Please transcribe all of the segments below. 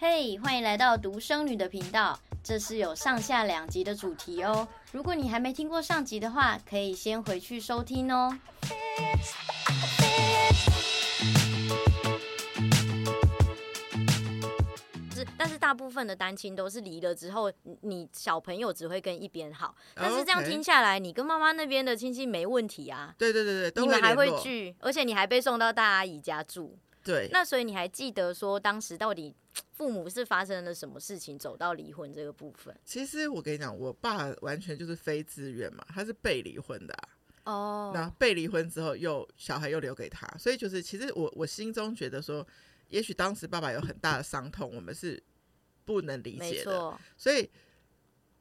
嘿、hey，歡迎來到獨生女的頻道。這是有上下兩集的主題哦。如果你還沒聽過上集的話，可以先回去收聽哦。但是大部分的單親都是離了之後，你小朋友只會跟一邊好。但是這樣聽下來，okay. 你跟媽媽那邊的親戚沒問題啊？對對對對，你們還會聚，而且你還被送到大阿姨家住。對，那所以你還記得說當時到底父母是發生了什麼事情，走到離婚這個部分？其實我跟你講，我爸完全就是非自願嘛，他是被離婚的啊。哦，那被離婚之後又小孩又留給他，所以就是其實我我心中覺得說，也許當時爸爸有很大的傷痛， 我們是不能理解的。沒錯。所以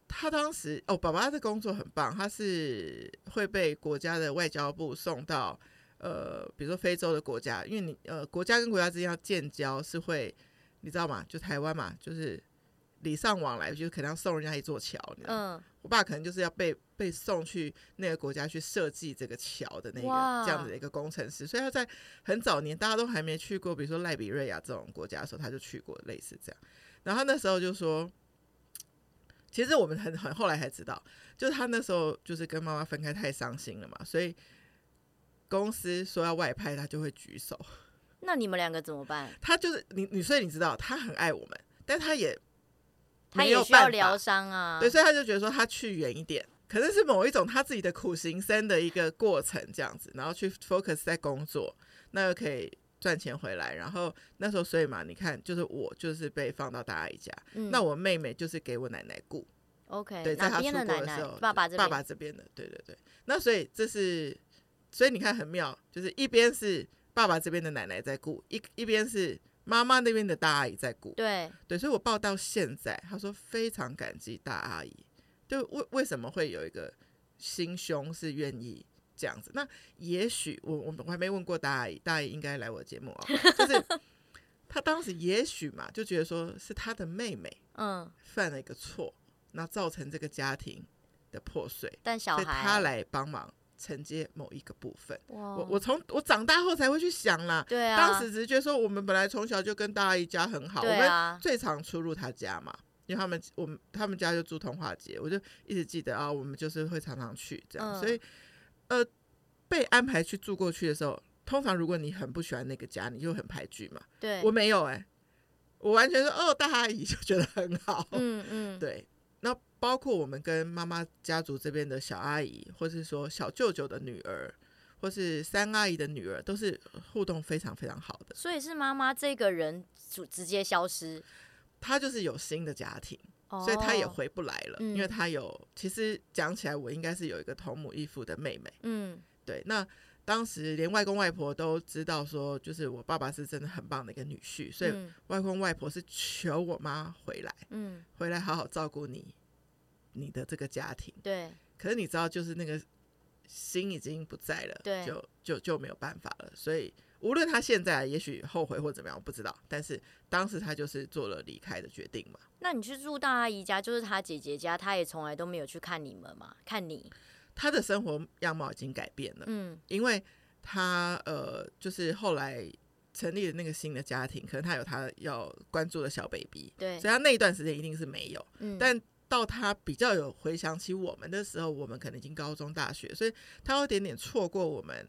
他當時哦，爸爸的工作很棒，他是會被國家的外交部送到。呃，比如說非洲的國家，因為你呃，國家跟國家之間要建交是會，你知道嗎？就台灣嘛，就是禮尚往來，就是可能要送人家一座橋。嗯，我爸可能就是要被被送去那個國家去設計這個橋的那個這樣子的一個工程師，所以他在很早年大家都還沒去過，比如說賴比瑞亞這種國家的時候，他就去過類似這樣。然後他那時候就說，其實我們很很後來才知道，就是他那時候就是跟媽媽分開太傷心了嘛，所以。公司說要外派，他就會舉手。那你們兩個怎麼辦？他就是你，你，所以你知道他很愛我們，但他也他也有需要療傷啊。對，所以他就覺得說他去遠一點，可能是，是某一種他自己的苦行僧的一個過程，這樣子，然後去 focus 在工作，那又可以賺錢回來。然後那時候，所以嘛，你看，就是我就是被放到大阿姨家，嗯，那我妹妹就是給我奶奶顧。OK，對，在他出國的時候的奶奶爸爸這邊的，對對對。那所以這是。所以你看，很妙，就是一邊是爸爸這邊的奶奶在顧，一一邊是媽媽那邊的大阿姨在顧。對對，所以我抱到現在，他說非常感激大阿姨。就為為什麼會有一個心胸是願意這樣子？那也許我我我還沒問過大阿姨，大阿姨應該來我節目哦、啊。就是 他當時也許嘛，就覺得說是他的妹妹，嗯，犯了一個錯，那、嗯、造成這個家庭的破碎，但小孩他來幫忙。承接某一個部分，哇，我我從我長大後才會去想啦。對啊，當時只是覺得說我們本來從小就跟大阿姨家很好，啊、我們最常出入她家嘛，因為他們我們他們家就住童話街，我就一直記得啊、哦，我們就是會常常去這樣、嗯。所以，呃，被安排去住過去的時候，通常如果你很不喜歡那個家，你就很排拒嘛。對，我沒有哎、欸，我完全是哦，大阿姨就覺得很好，嗯嗯，對。包括我們跟媽媽家族這邊的小阿姨，或是說小舅舅的女兒，或是三阿姨的女兒，都是互動非常非常好的。所以是媽媽這個人就直接消失，她就是有新的家庭，所以她也回不來了。Oh, 因為她有，嗯、其實講起來，我應該是有一個同母異父的妹妹。嗯，對。那當時連外公外婆都知道說，就是我爸爸是真的很棒的一個女婿，所以外公外婆是求我媽回來，嗯，回來好好照顧你。你的這個家庭，對，可是你知道，就是那個心已經不在了，對，就就就沒有辦法了。所以無論他現在也許後悔或怎麼樣，我不知道，但是當時他就是做了離開的決定嘛。那你去住大阿姨家，就是他姐姐家，他也從來都沒有去看你們嘛？看你，他的生活樣貌已經改變了，嗯，因為他呃，就是後來成立了那個新的家庭，可能他有他要關注的小 baby，對，所以他那一段時間一定是沒有，嗯，但。到他比較有回想起我們的時候，我們可能已經高中大學，所以他有點點錯過我們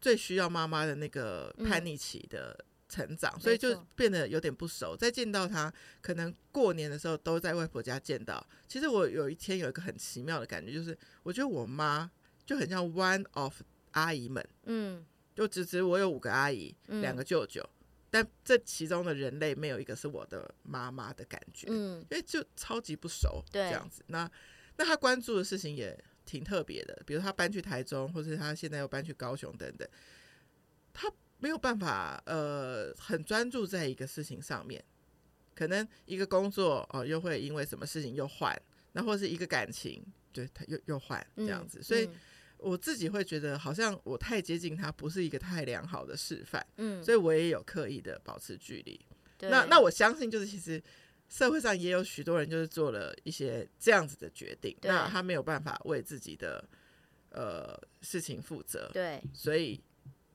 最需要媽媽的那個叛逆期的成長，嗯，所以就變得有點不熟。再見到他，可能過年的時候都在外婆家見到。其實我有一天有一個很奇妙的感覺，就是我覺得我媽就很像 one of 阿姨們，嗯，就只只我有五個阿姨，兩個舅舅。嗯。但這其中的人類沒有一個是我的媽媽的感覺，嗯，因為就超級不熟，對這樣子。那那他關注的事情也挺特別的，比如他搬去台中，或是他現在又搬去高雄等等，他沒有辦法呃很專注在一個事情上面，可能一個工作哦、呃、又會因為什麼事情又換，那或是一個感情對他又又換這樣子，所以。嗯我自己會覺得好像我太接近他，不是一個太良好的示範，嗯，所以我也有刻意的保持距離。那那我相信就是其實社會上也有許多人就是做了一些這樣子的決定，那他沒有辦法為自己的呃事情負責，對，所以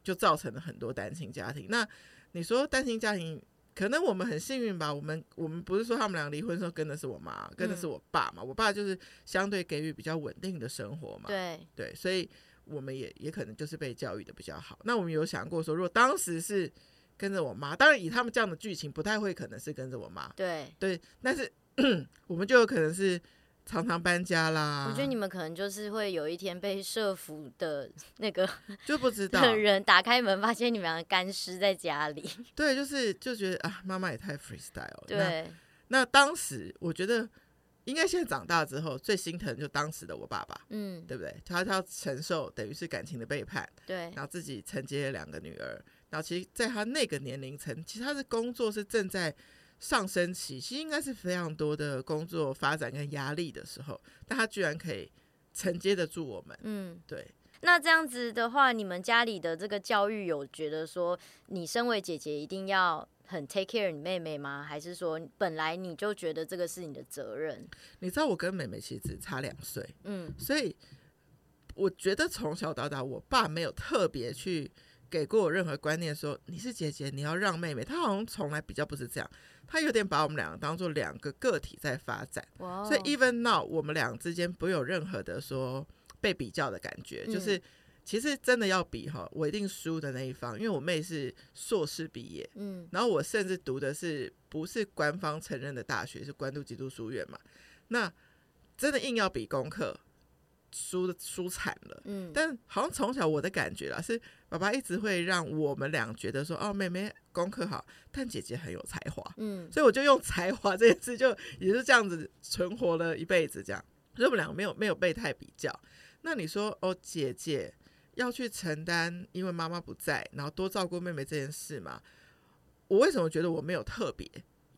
就造成了很多單親家庭。那你說單親家庭？可能我們很幸運吧，我們我們不是說他們倆離婚的時候跟的是我媽，嗯、跟的是我爸嘛，我爸就是相對給予比較穩定的生活嘛，對對，所以我們也也可能就是被教育的比較好。那我們有想過說，如果當時是跟着我媽，當然以他們這樣的劇情，不太會可能是跟着我媽，對對，但是我們就有可能是。常常搬家啦，我覺得你們可能就是會有一天被設伏的那個就不知道的人打開門，發現你們倆乾屍在家裡。對，就是就覺得啊，媽媽也太 freestyle 了。對那，那當時我覺得應該現在長大之後最心疼，就是當時的我爸爸，嗯，對不對？他要承受等於是感情的背叛，對，然後自己承接了兩個女兒，然後其實在他那個年齡層，其實他的工作是正在。上升期其實應該是非常多的工作發展跟壓力的時候，但他居然可以承接得住我們。嗯，對。那這樣子的話，你們家裡的這個教育有覺得說，你身為姐姐一定要很 take care 你妹妹嗎？還是說本來你就覺得這個是你的責任？你知道我跟妹妹其實只差兩歲，嗯，所以我覺得從小到大，我爸沒有特別去。給過我任何觀念說，你是姐姐，你要讓妹妹。她好像從來比較不是這樣，她有點把我們兩個當作兩個個體在發展。Wow. 所以 even now 我們倆之間沒有任何的說被比較的感覺，嗯、就是其實真的要比哈，我一定輸的那一方，因為我妹是碩士畢業，嗯，然後我甚至讀的是不是官方承認的大學，是關渡基督書院嘛，那真的硬要比功課。輸的輸慘了。嗯，但好像從小我的感覺啦是，爸爸一直會讓我們倆覺得說，哦，妹妹功課好，但姐姐很有才華，嗯，所以我就用才華這一次就也是這樣子存活了一輩子，這樣，所以我們倆沒有沒有被太比較。那你說，哦，姐姐要去承擔因為媽媽不在，然後多照顧妹妹這件事嘛？我為什麼覺得我沒有特別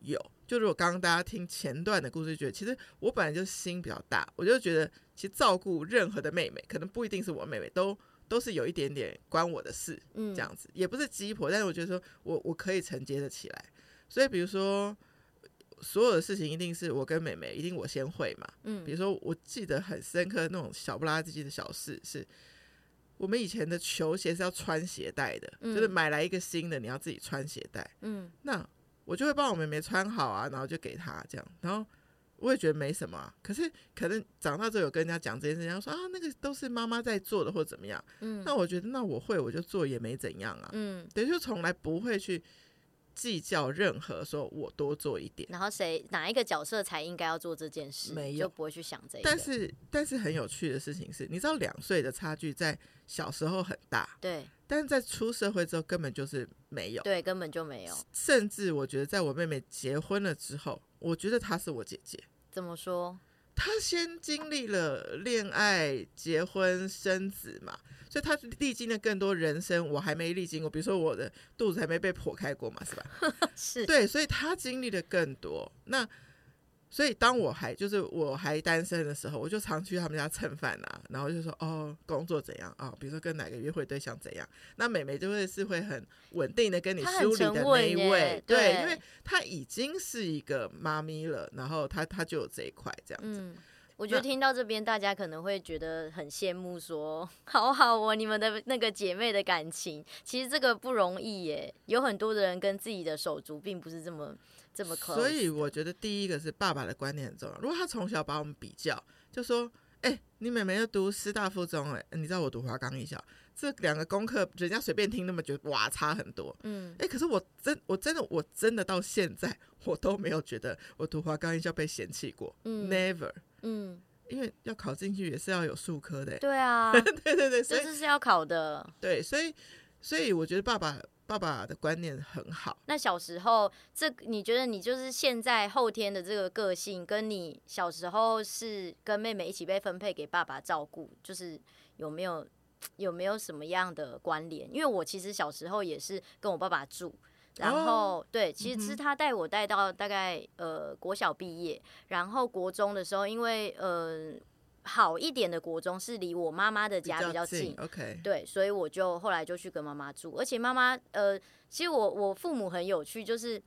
有？就如果剛剛大家聽前段的故事，覺得其實我本來就心比較大，我就覺得其實照顧任何的妹妹，可能不一定是我妹妹，都都是有一點點關我的事，嗯，這樣子、嗯、也不是雞婆，但是我覺得說我我可以承接得起來。所以比如說所有的事情，一定是我跟妹妹，一定我先會嘛，嗯。比如說我記得很深刻那種小不拉幾的小事，是我們以前的球鞋是要穿鞋帶的、嗯，就是買來一個新的，你要自己穿鞋帶，嗯，那。我就會幫我妹妹穿好啊，然後就給她這樣，然後我也覺得沒什麼啊，可是可能長大之後有跟人家講這件事情，說啊，那個都是媽媽在做的，或者怎麼樣。嗯，那我覺得那我會我就做也沒怎樣啊。嗯，等於就從來不會去計較任何，說我多做一點，然後誰哪一個角色才應該要做這件事，沒有就不會去想這一個。但是但是很有趣的事情是，你知道兩歲的差距在小時候很大，對。但是在出社會之後，根本就是沒有，對，根本就沒有。甚至我覺得，在我妹妹結婚了之後，我覺得她是我姐姐。怎麼說？她先經歷了戀愛、結婚、生子嘛，所以她歷經了更多人生，我還沒歷經過。比如說，我的肚子還沒被剖開過嘛，是吧？ 是。對，所以她經歷了更多。那。所以當我還就是我還單身的時候，我就常去他們家蹭飯吶，然後就說哦，工作怎樣啊、哦？比如說跟哪個約會對象怎樣？那妹妹就會是會很穩定的跟你梳理的那一位，對，對，因為她已經是一個媽咪了，然後她她就有這一塊這樣子、嗯。我覺得聽到這邊，大家可能會覺得很羨慕說，說好好哦，你們的那個姐妹的感情，其實這個不容易耶。有很多的人跟自己的手足並不是這麼。麼，所以我覺得第一個是爸爸的觀念很重要。如果他從小把我們比較，就說：“哎、欸，你妹妹要讀師大附中、欸，誒，你知道我讀華岡藝校，這兩個功課人家隨便聽那麼覺得，哇，差很多。”嗯，哎、欸，可是我真我真的我真的到現在我都沒有覺得我讀華岡藝校被嫌棄過。嗯，never。嗯，因為要考進去也是要有數科的、欸。對啊， 對對對，這是、就是要考的。對，所以所以我覺得爸爸。爸爸的觀念很好。那小時候，這你覺得你就是現在後天的這個個性，跟你小時候是跟妹妹一起被分配給爸爸照顧，就是有沒有有沒有什麼樣的關聯？因為我其實小時候也是跟我爸爸住，然後、哦、對，其實是他帶我帶到大概、嗯、呃國小畢業，然後國中的時候，因為呃。好一點的國中是離我媽媽的家比較近,比較近、okay、對，所以我就後來就去跟媽媽住，而且媽媽呃，其實我我父母很有趣，就是。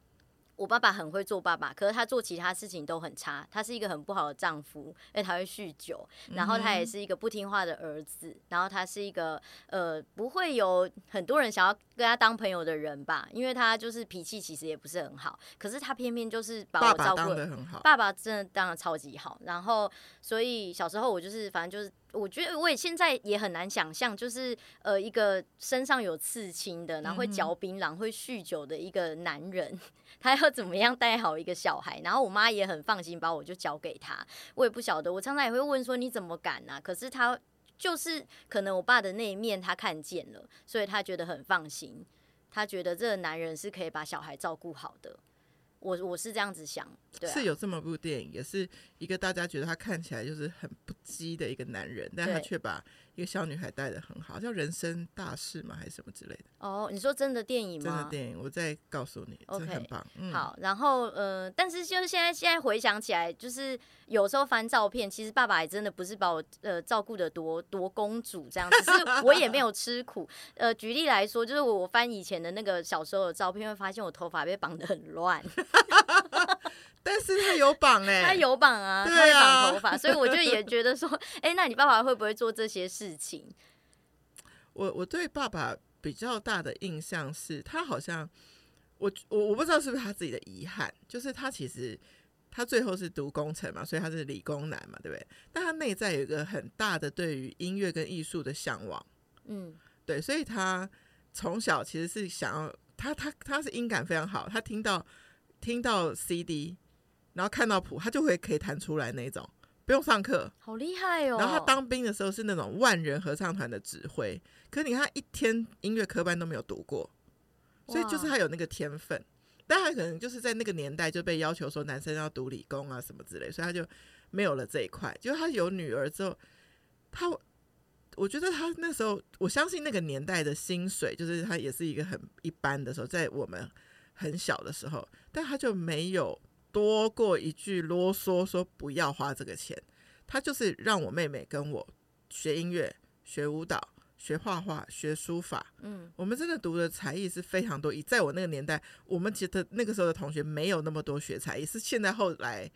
我爸爸很會做爸爸，可是他做其他事情都很差。他是一個很不好的丈夫，因為他會酗酒、嗯，然後他也是一個不聽話的兒子，然後他是一個呃不會有很多人想要跟他當朋友的人吧，因為他就是脾氣其實也不是很好。可是他偏偏就是把我照顧得很好。爸爸當得很好。爸爸真的當得超級好，然後所以小時候我就是反正就是。我覺得我也現在也很難想象，就是呃，一個身上有刺青的，然後會嚼檳榔、會酗酒的一個男人，他要怎麼樣帶好一個小孩？然後我媽也很放心，把我就交給他。我也不曉得，我常常也會問說，你怎麼敢啊？可是他就是可能我爸的那一面他看見了，所以他覺得很放心，他覺得這個男人是可以把小孩照顧好的。我我是這樣子想。對啊，是有這麼部電影，也是一個大家覺得他看起來就是很不羈的一個男人，但他卻把。一個小女孩帶得很好，叫人生大事嘛，還是什麼之類的。哦，你說真的電影嗎？真的電影，我再告訴你，Okay, 真的很棒。嗯，好，然後呃，但是就是現在現在回想起來，就是有時候翻照片，其實爸爸也真的不是把我呃照顧得多多公主這樣，是我也沒有吃苦。 呃，舉例來說，就是我翻以前的那個小時候的照片，會發現我頭髮被綁得很亂。 但是他有綁誒，他有綁啊，他有綁頭髮，所以我就也覺得說，哎，那你爸爸會不會做這些事情？我我對爸爸比較大的印象是，他好像我我我不知道是不是他自己的遺憾，就是他其實他最後是讀工程嘛，所以他是理工男嘛，對不對？但他內在有一個很大的對於音樂跟藝術的向往，嗯，對，所以他從小其實是想要，他他他是音感非常好，他聽到聽到 CD。然後看到譜，他就會可以彈出來那種，不用上課，好厲害哦！然後他當兵的時候是那種萬人合唱團的指揮，可是你看他一天音樂科班都沒有讀過，所以就是他有那個天分，但他可能就是在那個年代就被要求說男生要讀理工啊什麼之類，所以他就沒有了這一塊。就他有女兒之後，他我覺得他那時候我相信那個年代的薪水，就是他也是一個很一般的時候，在我們很小的時候，但他就沒有。多過一句囉嗦，說不要花這個錢。他就是讓我妹妹跟我學音樂、學舞蹈、學畫畫、學書法。嗯，我們真的讀的才藝是非常多。以在我那個年代，我們覺得那個時候的同學沒有那麼多學才藝，是現在後來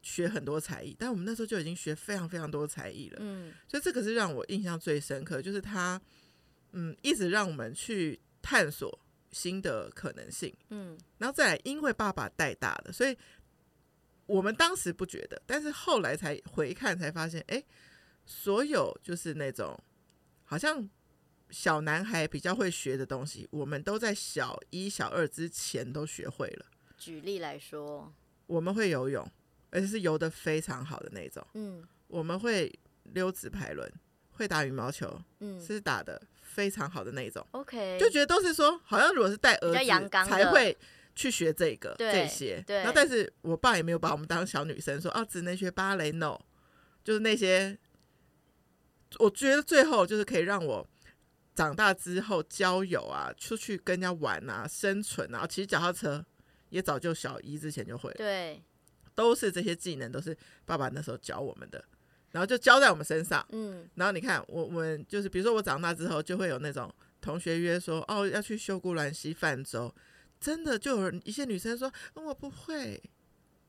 學很多才藝。但我們那時候就已經學非常非常多才藝了。嗯，所以這個是讓我印象最深刻，就是他嗯一直讓我們去探索新的可能性。嗯，然後再來，因為爸爸帶大的，所以。我們當時不覺得，但是後來才回看才發現，誒，所有就是那種好像小男孩比較會學的東西，我們都在小一小二之前都學會了。舉例來說，我們會游泳，而且是游得非常好的那種。嗯，我們會溜直排輪，會打羽毛球，嗯，是打得非常好的那種。OK，嗯，就覺得都是說，好像如果是帶兒子才會。去學這個這些，然後但是我爸也沒有把我們當小女生說啊只能學芭蕾 no，就是那些我覺得最後就是可以讓我長大之後交友啊，出去跟人家玩啊，生存啊，其實腳踏車也早就小一之前就會了，對，都是這些技能都是爸爸那時候教我們的，然後就教在我們身上，嗯，然後你看我我們就是比如說我長大之後就會有那種同學約說哦、啊、要去秀姑巒溪泛舟。真的就有一些女生說、嗯、我不會，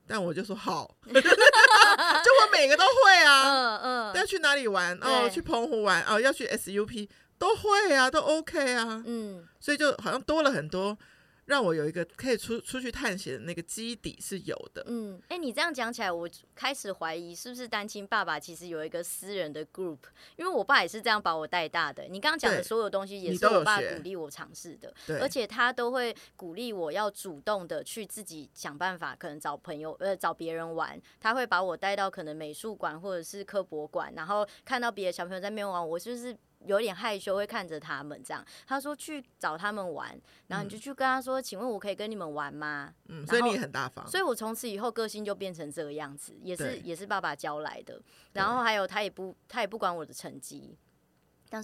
但我就說好， 就我每個都會啊， 嗯嗯，要去哪裡玩哦，去澎湖玩哦，要去 SUP 都會啊，都 OK 啊，嗯，所以就好像多了很多。讓我有一個可以出出去探險的那個基底是有的。嗯，哎、欸，你這樣講起來，我開始懷疑是不是單親爸爸其實有一個私人的 group，因為我爸也是這樣把我帶大的。你剛剛講的所有東西也是我爸鼓勵我嘗試的。對對，而且他都會鼓勵我要主動的去自己想辦法，可能找朋友呃找別人玩。他會把我帶到可能美術館或者是科博館，然後看到別的小朋友在那邊玩，我是不是。有點害羞，會看着他們這樣。他說去找他們玩，然後你就去跟他說：“嗯、請問我可以跟你們玩嗎？”嗯，所以你很大方。所以我從此以後個性就變成這個樣子，也是也是爸爸教來的。然後還有他也不他也不管我的成績，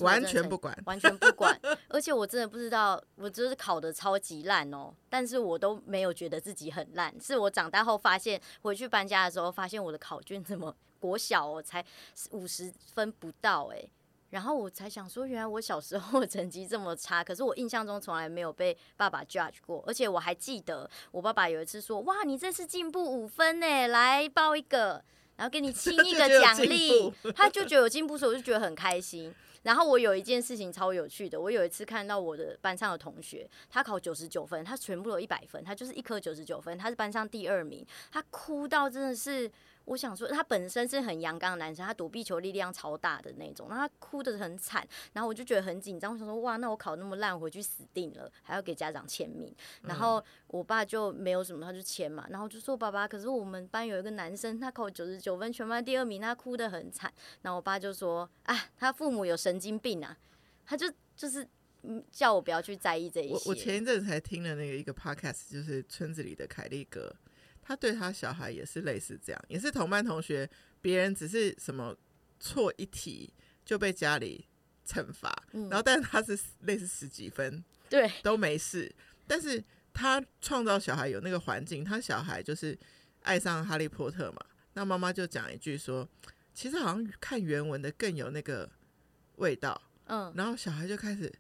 完全不管，完全不管。 而且我真的不知道，我就是考得超級爛哦，但是我都沒有覺得自己很爛。是我長大後發現，回去搬家的時候發現我的考卷怎麼國小、哦、才五十分不到哎、欸。然後我才想說，原來我小時候的成績這麼差，可是我印象中從來沒有被爸爸 judge 過，而且我還記得，我爸爸有一次說：“哇，你這次進步五分耶，來抱一個，然後給你親一個獎勵。”他就覺得有進步時， 所以我就覺得很開心。然後我有一件事情超有趣的，我有一次看到我的班上的同學，他考九十九分，他全部都一百分，他就是一科九十九分，他是班上第二名，他哭到真的是。我想說，他本身是很陽剛的男生，他躲避球力量超大的那種，然後他哭得很慘，然後我就覺得很緊張。我想說，哇，那我考那麼爛，回去死定了，還要給家長簽名。然後我爸就沒有什麼，他就簽嘛。然後就說爸爸，可是我們班有一個男生，他考九十九分，全班第二名，他哭得很慘。然後我爸就說，啊，他父母有神經病啊，他就就是嗯，叫我不要去在意這一些。我我前一陣子才聽了那個一個 podcast，就是村子裡的凱莉哥。他對他小孩也是類似這樣，也是同班同學，別人只是什麼錯一題就被家裡懲罰，嗯，然後但是他是類似十幾分，對，都沒事。但是他創造小孩有那個環境，他小孩就是愛上哈利波特嘛。那媽媽就講一句說，其實好像看原文的更有那個味道，嗯，然後小孩就開始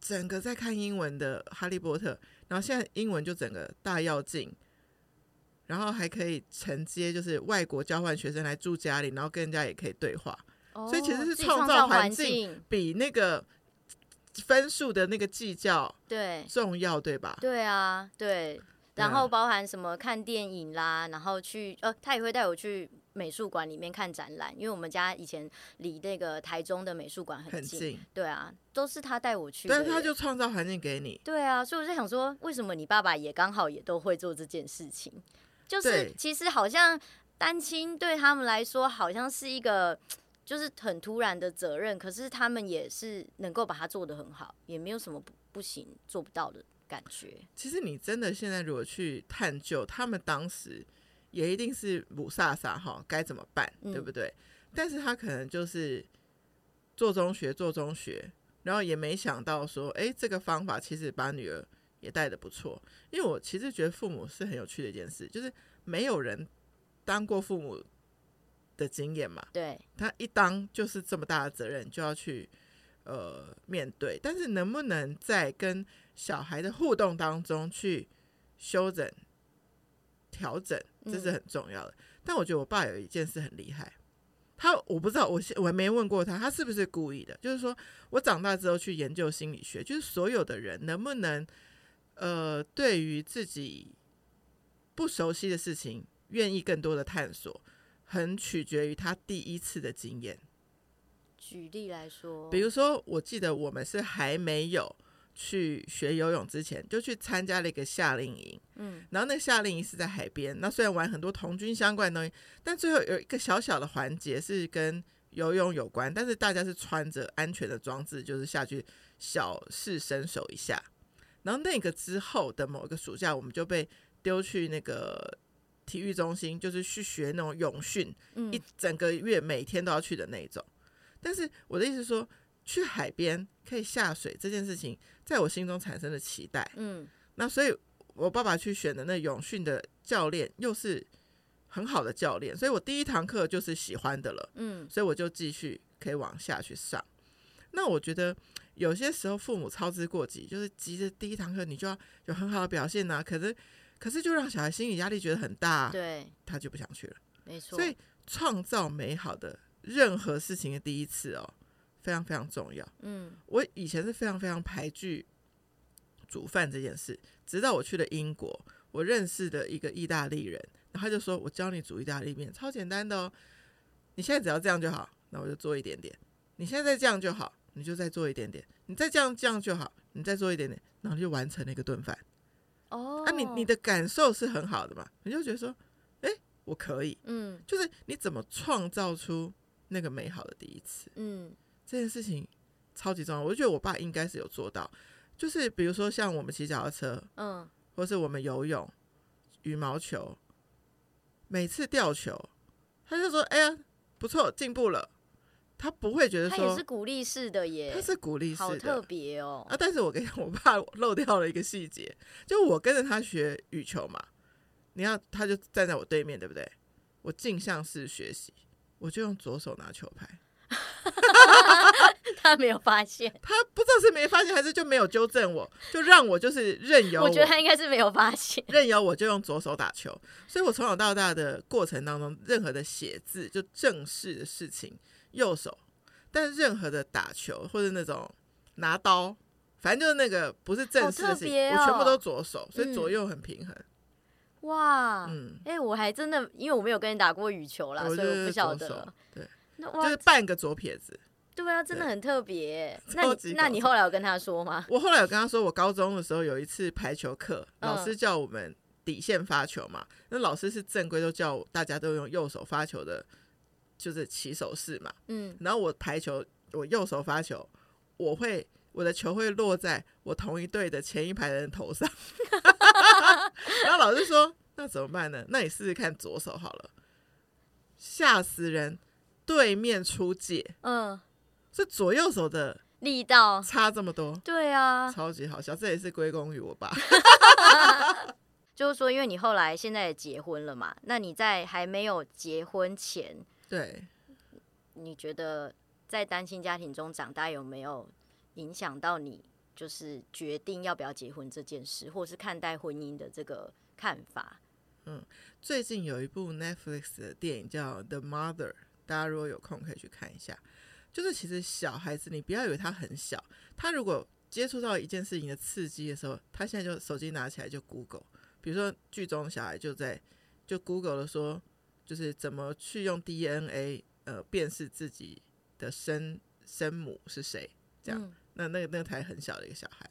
整個在看英文的哈利波特，然後現在英文就整個大躍進。然後還可以承接，就是外國交換學生來住家裡，然後跟人家也可以對話，哦，所以其實是創造環境比那個分數的那個計較對重要，哦，重要對，對吧？對啊，對。然後包含什麼看電影啦，啊，然後去呃，他也會帶我去美術館裡面看展覽，因為我們家以前離那個台中的美術館很近，很近，對啊，都是他帶我去。但是他就創造環境給你。對啊，所以我就想說，為什麼你爸爸也剛好也都會做這件事情？就是其實好像單親對他們來說好像是一個就是很突然的責任，可是他們也是能夠把它做得很好，也沒有什麼不不行做不到的感覺。其實你真的現在如果去探究，他們當時也一定是霧煞煞齁該怎麼辦，嗯，對不對？但是他可能就是做中學做中學，然後也沒想到說，誒、欸，這個方法其實把女兒。也帶得不錯。因為我其實覺得父母是很有趣的一件事，就是沒有人當過父母的經驗嘛，對，他一當就是這麼大的責任就要去呃面對，但是能不能在跟小孩的互動當中去修整調整，這是很重要的。嗯。但我覺得我爸有一件事很厲害，他我不知道，我我還沒問過他，他是不是故意的？就是說我長大之後去研究心理學，就是所有的人能不能。呃，對於自己不熟悉的事情，願意更多的探索，很取決於他第一次的經驗。舉例來說，比如說，我記得我們是還沒有去學游泳之前，就去參加了一個夏令營。嗯，然後那個夏令營是在海邊，那雖然玩很多童軍相關的東西，但最後有一個小小的環節是跟游泳有關，但是大家是穿着安全的裝置，就是下去小試身手一下。然後那個之後的某一個暑假，我們就被丟去那個體育中心，就是去學那種泳訓，一整個月每天都要去的那種。但是我的意思是說，去海邊可以下水這件事情，在我心中產生了期待，嗯，那所以我爸爸去選的那泳訓的教練又是很好的教練，所以我第一堂課就是喜歡的了，嗯，所以我就繼續可以往下去上。那我覺得有些時候父母操之過急，就是急着第一堂課你就要有很好的表現吶、啊。可是，可是就讓小孩心理壓力覺得很大，對，他就不想去了。沒錯，所以創造美好的任何事情的第一次哦，非常非常重要。嗯，我以前是非常非常排拒煮飯這件事，直到我去了英國，我認識的一個意大利人，然後他就說我教你煮意大利麵，超簡單的哦，你現在只要這樣就好。那我就做一點點，你現在這樣就好。你就再做一點點，你再這樣這樣就好，你再做一點點，然後就完成了一個燉飯。哦、oh. 啊，啊，你你的感受是很好的嘛？你就覺得說，誒、欸，我可以，嗯、mm.，就是你怎麼創造出那個美好的第一次，嗯、mm.，這件事情超級重要。我就覺得我爸應該是有做到，就是比如說像我們騎腳踏車，嗯、oh.，或是我們游泳、羽毛球，每次吊球，他就說，哎呀，不錯，進步了。他不會覺得說，他也是鼓勵式的耶，他是鼓勵式的，好特別哦。啊，但是我跟你講，我怕漏掉了一個細節，就我跟着他學羽球嘛，你要他就站在我對面，對不對？我鏡像式學習，我就用左手拿球拍， 他沒有發現， 他不知道是沒發現還是就沒有糾正我，就讓我就是任由我。我覺得他應該是沒有發現，任由我就用左手打球。所以我從小到大的過程當中，任何的寫字就正式的事情。右手，但任何的打球或者那種拿刀，反正就是那個不是正式的事情、哦、我全部都左手，所以左右很平衡。嗯、哇，嗯，哎、欸，我還真的，因為我沒有跟你打過羽球啦，所以我不曉得，對那我，就是半個左撇子。對啊，真的很特別。那你那你後來有跟他說嗎？我後來有跟他說，我高中的時候有一次排球課、嗯，老師叫我們底線發球嘛，那老師是正規都叫我大家都用右手發球的。就是起手式嘛，嗯，然後我排球，我右手發球，我會我的球會落在我同一隊的前一排的人頭上， 然後老師說：“那怎麼辦呢？那你試試看左手好了。”嚇死人！對面出界。嗯、呃，這左右手的力道差這麼多。對啊，超級好笑。這也是歸功於我爸。 就是說，因為你後來現在也結婚了嘛，那你在還沒有結婚前。對，你覺得在單親家庭中長大有沒有影響到你，就是決定要不要結婚這件事，或是看待婚姻的這個看法？嗯，最近有一部 Netflix 的電影叫《The Mother》，大家如果有空可以去看一下。就是其實小孩子，你不要以為他很小，他如果接觸到一件事情的刺激的時候，他現在就手機拿起來就 Google。比如說劇中小孩就在就 Google 的說。就是怎麼去用 DNA 呃，辨識自己的生生母是誰這樣？那那個那台很小的一個小孩。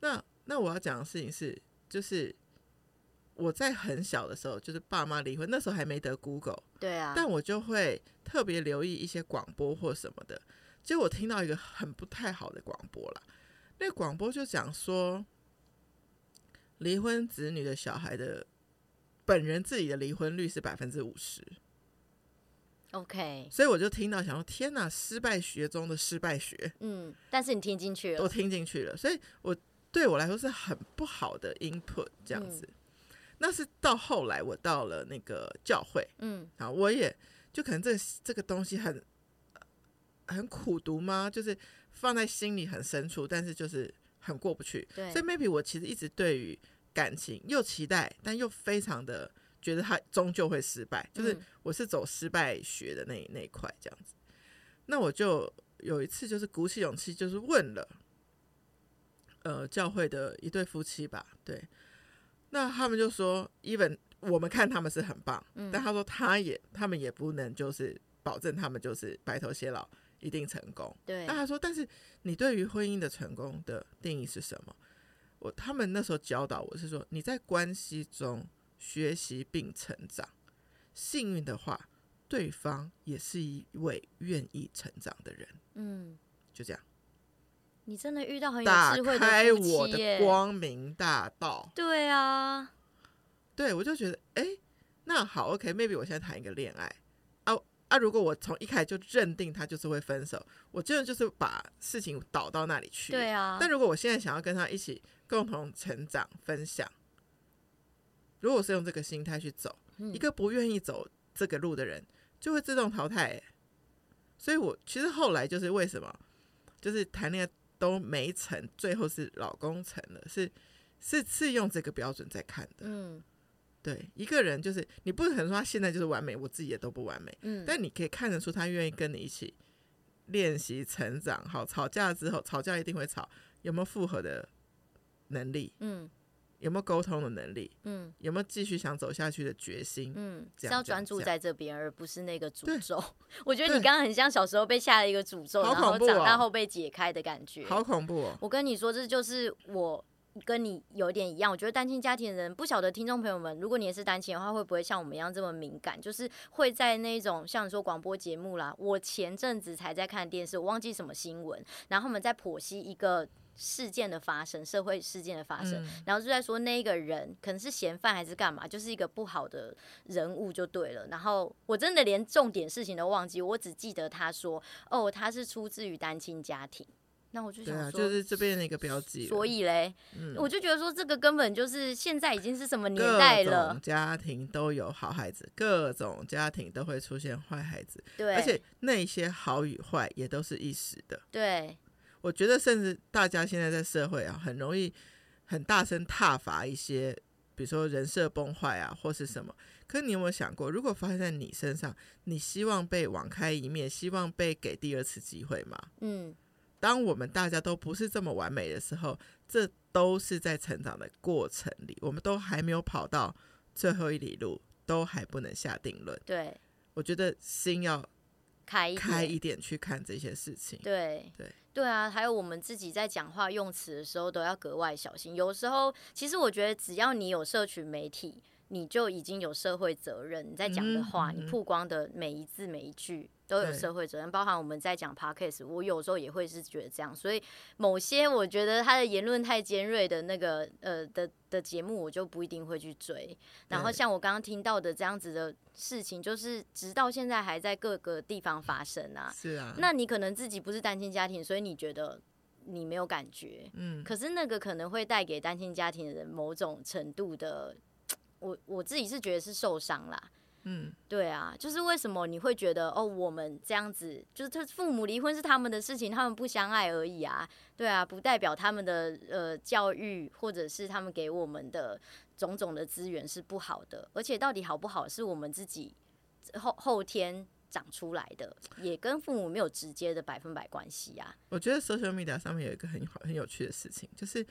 那那我要講的事情是，就是我在很小的時候，就是爸媽離婚，那時候還沒得 Google，對啊，但我就會特別留意一些廣播或什麼的。結果我聽到一個很不太好的廣播啦，那廣播就講說，離婚子女的小孩的。本人自己的離婚率是百分之五十，OK，所以我就聽到想說天哪，啊，失敗學中的失敗學，嗯，但是你聽進去了，都聽進去了，所以我對我來說是很不好的 input，這樣子，嗯，那是到後來我到了那個教會，嗯，啊，我也就可能這這個東西很，很苦毒嗎？就是放在心裡很深處，但是就是很過不去，所以 maybe 我其實一直對於。感情又期待，但又非常的覺得他終究會失敗，就是我是走失敗學的那一那一塊這樣子。那我就有一次就是鼓起勇氣，就是問了，呃，教會的一對夫妻吧，對。那他們就說，Even 我們看他們是很棒，但他說他也他們也不能就是保證他們就是白頭偕老，一定成功。對。那他說，但是你對於婚姻的成功的定義是什麼？我他們那時候教導我是說，你在關係中學習並成長，幸運的話，對方也是一位願意成長的人。嗯，就這樣。你真的遇到很有智慧的夫妻耶。打開我的光明大道。對啊，對我就覺得，哎，那好，OK，maybe、okay，我現在談一個戀愛。啊！如果我從一開始就認定他就是會分手，我真的就是把事情導到那裡去。對啊。但如果我現在想要跟他一起共同成長、分享，如果我是用這個心態去走，嗯，一個不願意走這個路的人就會自動淘汰。所以我其實後來就是為什麼，就是談戀愛都沒成，最後是老公成了，是是是用這個標準在看的。嗯對一個人，就是你不能說他現在就是完美，我自己也都不完美。嗯，但你可以看得出他願意跟你一起練習、成長。好，吵架之後，吵架一定會吵，有沒有復合的能力？嗯，有沒有溝通的能力？嗯，有沒有繼續想走下去的決心？嗯，這樣專注在這邊，而不是那個詛咒。 我覺得你剛剛很像小時候被下了一個詛咒，哦，然後長大後被解開的感覺，好恐怖哦！我跟你說，這就是我。跟你有點一樣，我覺得單親家庭的人，不曉得聽眾朋友們，如果你也是單親的話，會不會像我們一樣這麼敏感？就是會在那種像你說廣播節目啦，我前陣子才在看電視，我忘記什麼新聞，然後我們在剖析一個事件的發生，社會事件的發生，嗯，然後就在說那個人可能是嫌犯還是幹嘛，就是一個不好的人物就對了。然後我真的連重點事情都忘記，我只記得他說，哦，他是出自於單親家庭。那我就想說、對啊，就是這邊的一個標記。所以嘞、嗯，我就覺得說，這個根本就是現在已經是什麼年代了？各種家庭都有好孩子，各種家庭都會出現壞孩子。對，而且那些好與壞也都是一時的。對，我覺得甚至大家現在在社會啊，很容易很大聲撻伐一些，比如說人設崩壞啊，或是什麼。可是你有沒有想過，如果發生在你身上，你希望被網開一面，希望被給第二次機會嗎？嗯。當我們大家都不是這麼完美的時候，這都是在成長的過程裡，我們都還沒有跑到最後一里路，都還不能下定論。對，我覺得心要開開一點去看這些事情。對，對，對啊，還有我們自己在講話用詞的時候都要格外小心。有時候，其實我覺得只要你有社群媒體，你就已經有社會責任，你在講的話、嗯，你曝光的每一字每一句都有社會責任。包含我們在講 podcast 我有時候也會是覺得這樣。所以某些我覺得他的言論太尖銳的那個呃的的節目，我就不一定會去追。然後像我剛剛聽到的這樣子的事情，就是直到現在還在各個地方發生啊。是啊。那你可能自己不是單親家庭，所以你覺得你沒有感覺。嗯。可是那個可能會帶給單親家庭的人某種程度的。我我自己是覺得是受傷啦，嗯，對啊，就是為什麼你會覺得哦，我們這樣子，就是他父母離婚是他們的事情，他們不相愛而已啊，對啊，不代表他們的呃教育或者是他們給我們的種種的資源是不好的，而且到底好不好，是我們自己後後天長出來的，也跟父母沒有直接的百分百關係啊。我覺得 social media 上面有一個很好很有趣的事情，就是。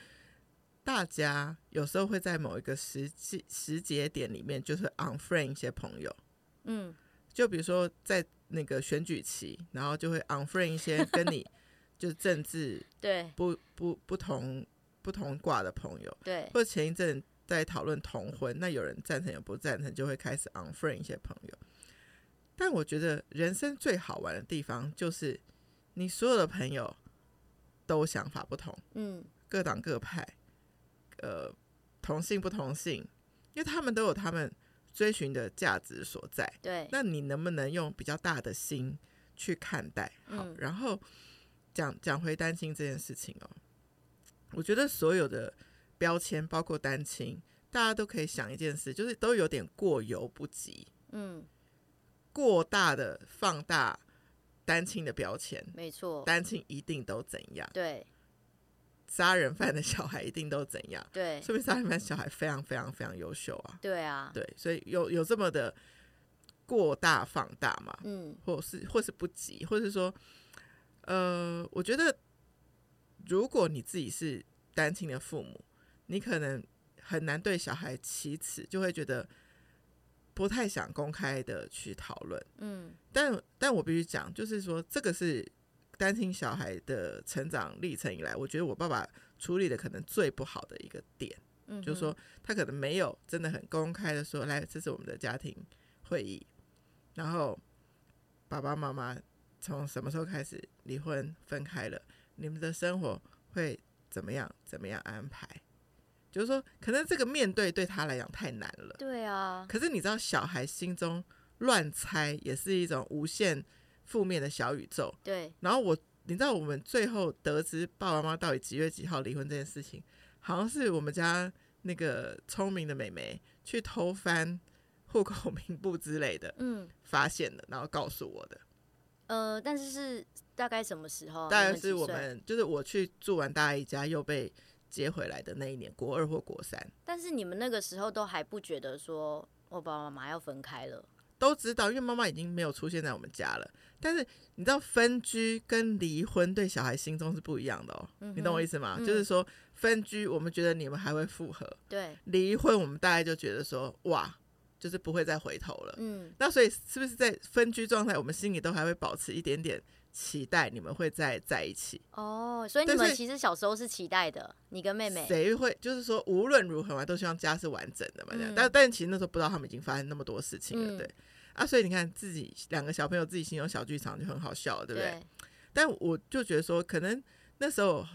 大家有時候會在某一個時階時節點裡面，就是 unfriend 一些朋友，嗯，就比如說在那個選舉期，然後就會 unfriend 一些跟你就是政治不 對不不不同不同掛的朋友，對，或者前一陣在討論同婚，那有人贊成，有不贊成，就會開始 unfriend 一些朋友。但我覺得人生最好玩的地方就是你所有的朋友都想法不同，嗯，各黨各派。呃，同性不同性，因為他們都有他們追尋的價值所在。對，那你能不能用比較大的心去看待？好，嗯、然後講講回單親這件事情哦。我覺得所有的標籤，包括單親，大家都可以想一件事，就是都有點過猶不及。嗯，過大的放大單親的標籤，沒錯，單親一定都怎樣？對。殺人犯的小孩一定都怎樣？對，說明殺人犯的小孩非常非常非常優秀啊！對啊，對，所以有有這麼的過大放大嘛？嗯，或是或是不急，或是說，呃，我覺得如果你自己是單親的父母，你可能很難對小孩啟齒，就會覺得不太想公開的去討論。嗯，但但我必須講，就是說這個是。單親小孩的成長歷程以來，我覺得我爸爸處理的可能最不好的一個點，嗯，就是說他可能沒有真的很公開的說，來，這是我們的家庭會議，然後爸爸媽媽從什麼時候開始離婚分開了，你們的生活會怎麼樣，怎麼樣安排？就是說，可能這個面對對他來講太難了。對啊。可是你知道，小孩心中亂猜也是一種無限，負面的小宇宙。對，然後我，你知道我們最後得知爸爸媽媽到底幾月幾號離婚這件事情，好像是我們家那個聰明的妹妹去偷翻戶口名簿之類的，嗯，發現的，然後告訴我的。呃，但是是大概什麼時候？大概是我們就是我去住完大姨家又被接回來的那一年，國二或國三。但是你們那個時候都還不覺得說我爸爸媽媽要分開了？都知道，因為媽媽已經沒有出現在我們家了。但是你知道分居跟離婚對小孩心中是不一樣的哦，嗯、你懂我意思嗎？嗯、就是說分居，我們覺得你們還會復合；對。離婚，我們大概就覺得說哇，就是不會再回頭了。嗯，那所以是不是在分居狀態，我們心裡都還會保持一點點期待你們會再在一起？哦，所以你們其實小時候是期待的，你跟妹妹誰會就是說無論如何嘛，都希望家是完整的嘛這樣，嗯。但但其實那時候不知道他們已經發生那麼多事情了，嗯、對。啊，所以你看，自己兩個小朋友自己心中小劇場就很好笑，對不對，對？但我就覺得說，可能那時候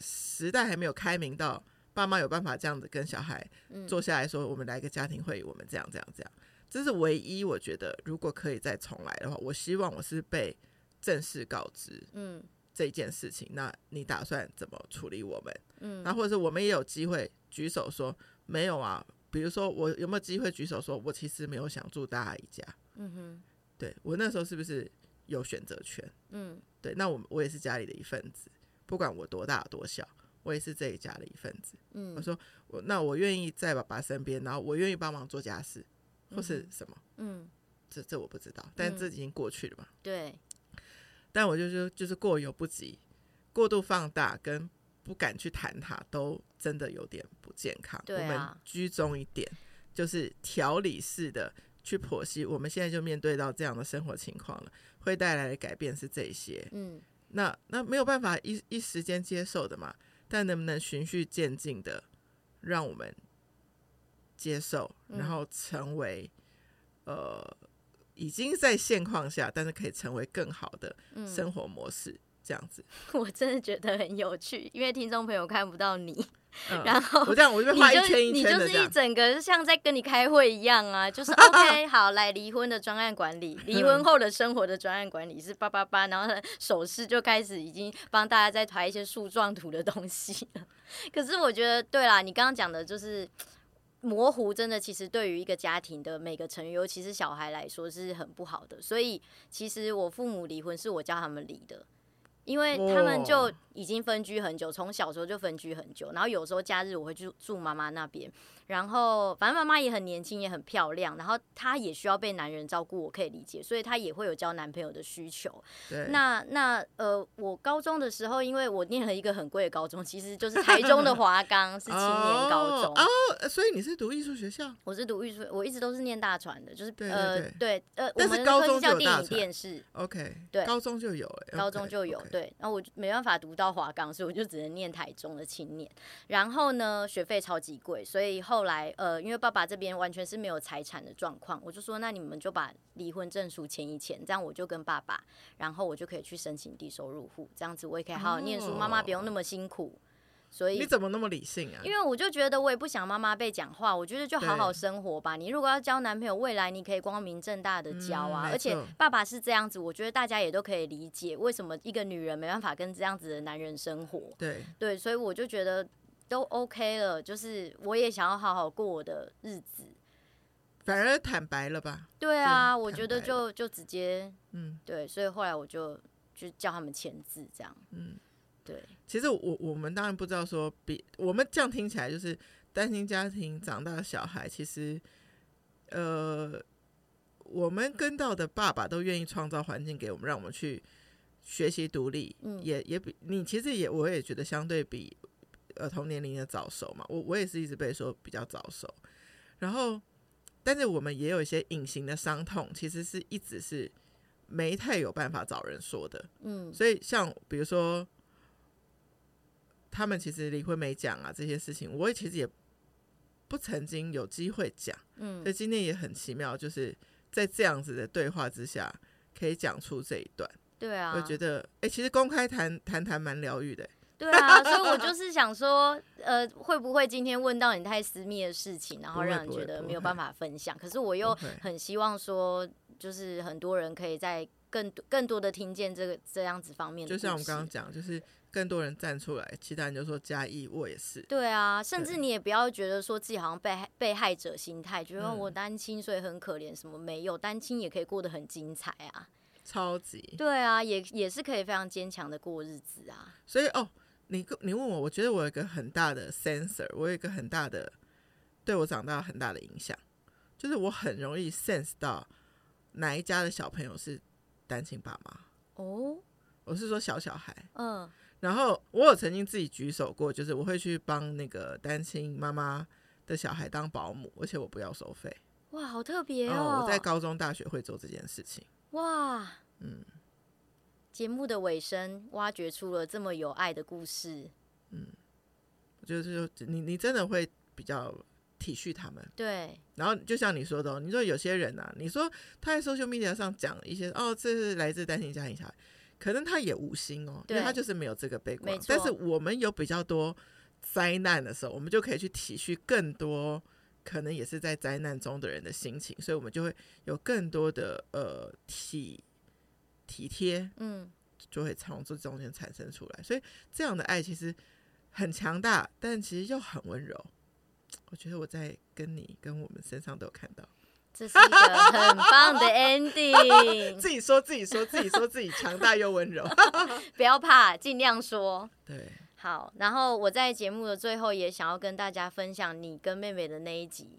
時代還沒有開明到，爸媽有辦法這樣子跟小孩坐下來說：“嗯、我們來個家庭會議，我們這樣、這樣、這樣。”這是唯一我覺得，如果可以再重來的話，我希望我是被正式告知，嗯、這件事情。那你打算怎麼處理？我們，嗯，那、啊、或者是我們也有機會舉手說：“沒有啊。”比如說，我有沒有機會舉手說：“我其實沒有想住大姨家。”嗯哼，對我那時候是不是有選擇權？嗯，對，那我我也是家裡的一份子，不管我多大多小，我也是這一家的一份子。嗯，我說我那我願意在爸爸身邊，然後我願意幫忙做家事，或是什麼？嗯，這這我不知道，但這已經過去了嘛。嗯、對，但我就是就是過猶不及，過度放大跟不敢去談他都真的有點不健康。對啊。我們居中一點，就是調理式的，去剖析，我們現在就面對到這樣的生活情況了，會帶來的改變是這些，嗯，那那沒有辦法一一時間接受的嘛，但能不能循序漸進的讓我們接受，嗯、然後成為呃，已經在現況下，但是可以成為更好的生活模式。嗯這樣子，我真的覺得很有趣，因為聽眾朋友看不到你。嗯、然後你我這樣，我就畫一圈一圈，你就是一整個像在跟你開會一樣啊，就是 OK，好， 好來離婚的專案管理，離 婚後的生活的專案管理是八八八，然後手勢就開始已經幫大家在排一些樹狀圖的東西。 可是我覺得，對啦，你剛剛講的就是模糊，真的其實對於一個家庭的每個成員，尤其是小孩來說是很不好的。所以其實我父母離婚是我叫他們離的。因為他們就已經分居很久，從、oh. 小時候就分居很久，然後有時候假日我會去住住媽媽那邊。然後，反正媽媽也很年輕，也很漂亮。然後她也需要被男人照顧，我可以理解，所以她也會有交男朋友的需求。對。那那呃，我高中的時候，因為我念了一個很貴的高中，其實就是台中的華岡， 是青年高中哦。哦，所以你是讀藝術學校？我是讀藝術學，我一直都是念大傳的，就是對對對呃，對，呃，我們高中就有電影電視。OK，對，高中就有，欸，okay, 高中就有。Okay，對，那我就沒辦法讀到華岡，所以我就只能念台中的青年。然後呢，學費超級貴，所以後。後來，呃，因為爸爸這邊完全是沒有財產的狀況，我就說，那你們就把離婚證書簽一簽，這樣我就跟爸爸，然後我就可以去申請低收入戶，這樣子我也可以好好念書，哦、媽媽不用那麼辛苦。所以你怎麼那麼理性啊？因為我就覺得我也不想媽媽被講話，我覺得就好好生活吧。你如果要交男朋友，未來你可以光明正大的交啊、嗯。而且爸爸是這樣子，我覺得大家也都可以理解為什麼一個女人沒辦法跟這樣子的男人生活。對對，所以我就覺得。都 OK 了，就是我也想要好好過我的日子，反而坦白了吧？對啊，嗯，我覺得就就直接，嗯，對，所以後來我就就叫他們簽字這樣，嗯，對。其實我我們當然不知道說比，比我們這樣聽起來就是單親家庭長大的小孩，其實，呃，我們跟到的爸爸都願意創造環境給我們，讓我們去學習獨立，嗯，也也比你其實也我也覺得相對比。呃，同年齡的早熟嘛，我我也是一直被說比較早熟，然後，但是我們也有一些隱形的傷痛，其實是一直是沒太有辦法找人說的，嗯，所以像比如說他們其實離婚沒講啊，這些事情，我其實也不曾經有機會講，嗯，所以今天也很奇妙，就是在這樣子的對話之下，可以講出這一段，對啊，我覺得，哎、欸，其實公開談談談蠻療癒的、欸。 對啊，所以我就是想說，呃，會不會今天問到你太私密的事情，然後讓你覺得沒有辦法分享？不會不會不會，可是我又很希望說，就是很多人可以在更多更多的聽見這個這樣子方面。就像我們剛剛講，就是更多人站出來，其他人就說：“加一，我也是。”對啊，甚至你也不要覺得說自己好像被害被害者心態，覺得我單親所以很可憐，什麼沒有單親也可以過得很精彩啊，超級對啊，也也是可以非常堅強的過日子啊。所以哦。你你問我，我覺得我有一個很大的 sensor，我有一個很大的對我長大很大的影響，就是我很容易 sense 到哪一家的小朋友是單親爸媽。哦，我是說小小孩。嗯，然後我有曾經自己舉手過，就是我會去幫那個單親媽媽的小孩當保姆，而且我不要收費。哇，好特別哦！嗯，我在高中、大學會做這件事情。哇，嗯。節目的尾聲，挖掘出了這麼有愛的故事。嗯，就是你，你真的會比較體恤他們。對。然後，就像你說的哦，你說有些人吶、啊，你說他在 social media 上講一些，哦，這是來自單親家庭小孩，可能他也無心哦，對因為他就是沒有這個背景。但是我們有比較多災難的時候，我們就可以去體恤更多可能也是在災難中的人的心情，所以我們就會有更多的呃體。體貼，嗯，就會從這中間產生出來。所以這樣的愛其實很強大，但其實又很溫柔。我覺得我在跟你、跟我們身上都有看到。這是一個很棒的 ending 自己說自己說自己說自己強大又溫柔 不要怕，儘量說。對，好。然後我在節目的最後也想要跟大家分享你跟妹妹的那一集。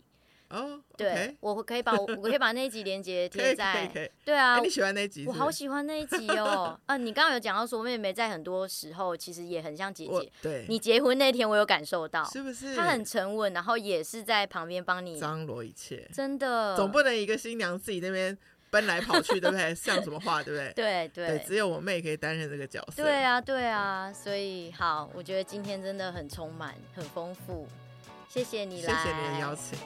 哦、oh, okay?，對，我可以把我我可以把那一集連結貼在， 對啊、欸，你喜歡那一集是不是？我，我好喜歡那一集哦。 啊，你剛剛有講到說，我妹妹在很多時候其實也很像姐姐。對，你結婚那天我有感受到，是不是？她很沉穩，然後也是在旁邊幫你張羅一切，真的，總不能一個新娘自己那邊奔來跑去，對不對？像什麼話， 對不對？對對，對，只有我妹可以擔任這個角色。對啊對啊，所以好，我覺得今天真的很充滿，很豐富。謝謝你了，謝謝你的邀請。